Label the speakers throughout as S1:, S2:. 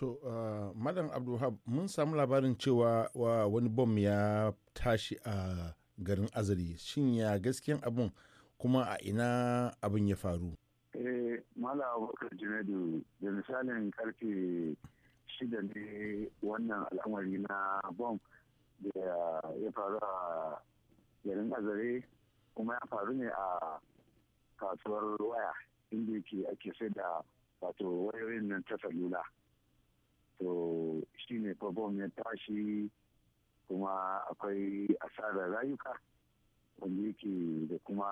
S1: To, uh, Madam Abdulhab, mun samu labarin cewa wa wani bom ya tashi a uh, garin Azari. Shin ya gaskiyan abin kuma a ina abin ya faru?
S2: Eh, Mala abokan Junaidu, da misalin karfe shida ne wannan al'amari na bom da ya faru a garin Azare kuma ya faru ne a kasuwar waya inda yake ake sai da wato wayoyin nan ta salula. to shi ne bom ya tashi kuma akwai asarar rayuka wanda yake da kuma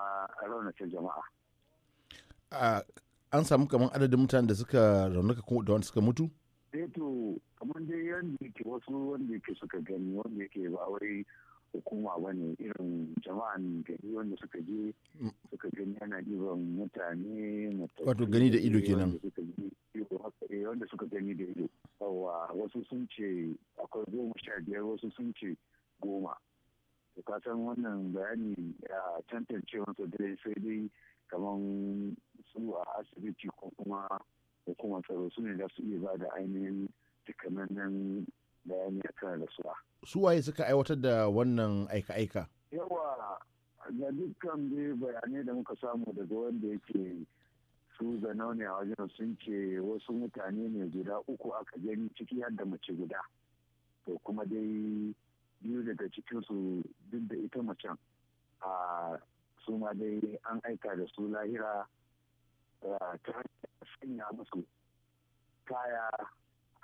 S2: raunata jama'a
S1: an samu kamar adadin mutane da suka raunuka ko da wanda suka mutu?
S2: eh to kamar dai yadda yake wasu wanda yake suka gani wanda yake ba wai hukuma ba ne irin jama'an gani wanda suka je mm. suka gani yana ɗiban mutane wato gani da ido kenan eh, wanda suka gani da ido yawa wasu sun ce akwai goma sha biyar wasu sun ce goma to ka san wannan bayani ya tantance wasu dare sai dai kamar su a asibiti ko kuma hukumar tsaro su ne da su iya ba da ainihin takamaiman bayani a kan rasuwa.
S1: su waye suka aiwatar da wannan aika-aika
S2: yawa ga dukkan bayanai da muka samu daga wanda yake su zanaune a wajen sun ce wasu mutane ne guda uku aka gani ciki har da mace guda to kuma dai biyu daga cikinsu duk da ita macen a su ma dai an aika da su lahira ta sanya musu kaya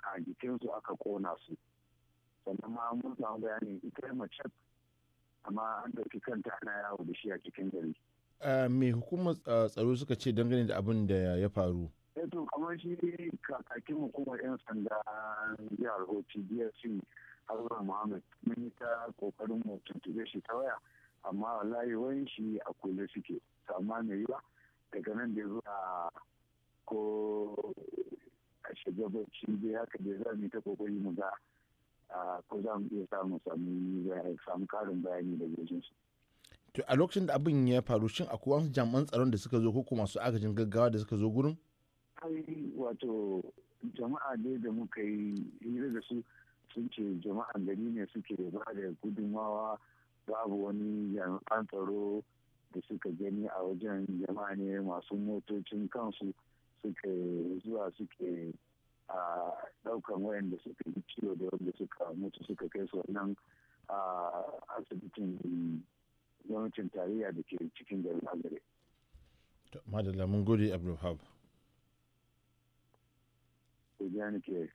S2: a jikinsu aka kona su sannan ma mun samu bayanin ita mace amma an ɗauki kanta ana yawo da shi a cikin gari
S1: mai hukumar tsaro suka ce dangane da abin da ya faru
S2: eh to kamar shi kakakin hukumar 'yan sanda jihar hoci dsc haruna muhammad mun yi ta kokarin mu tuntube shi ta waya amma wallahi wayan shi a kulle suke amma mai yiwa daga nan da zuwa ko a shugabanci da haka da za mu ta kokari mu ga ko za mu iya samu samu karin bayani da gajinsu.
S1: to a lokacin da abin ya faru shin akwai wasu jami'an tsaron da suka zo ko kuma su agajin gaggawa da suka zo gurin
S2: ai wato jama'a ne da muka yi hira da su sun ce jama'an gari ne suke ba da gudunmawa babu wani jami'an tsaro da suka gani a wajen jama'a ne masu motocin kansu suke zuwa suke a daukan wayanda suka yi ciwo da wanda suka mutu suka kai su wannan a asibitin yawancin tarayya da ke cikin garin gare
S1: madalla mun gode abdulhab
S2: ke